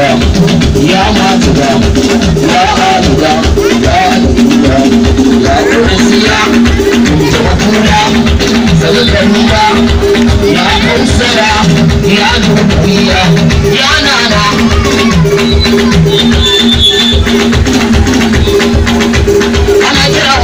azuga ya mazuga ya azuga ya azuga ya kursiya jabatuda salkanuba ya kausara ya dubiya ya nana ana kira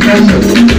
Gracias.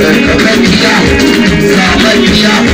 Sabon gida, sabon gida.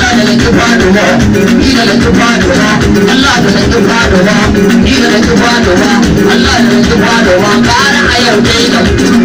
da nake fadowa ni da nake wa, Allah da nake fadowa ni da nake fadowa Allah da nake fadowa kara a yau dai